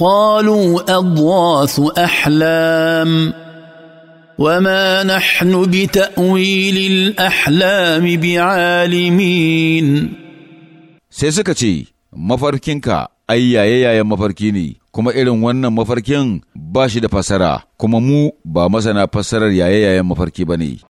قالوا اضواث احلام وما نحن بتاويل الاحلام بعالمين sai suka ce mafarkinka ai yaye yayen mafarki ne kuma irin wannan mafarkin ba shi da fassara kuma mu ba masana fassarar yaye yayen mafarki ba ne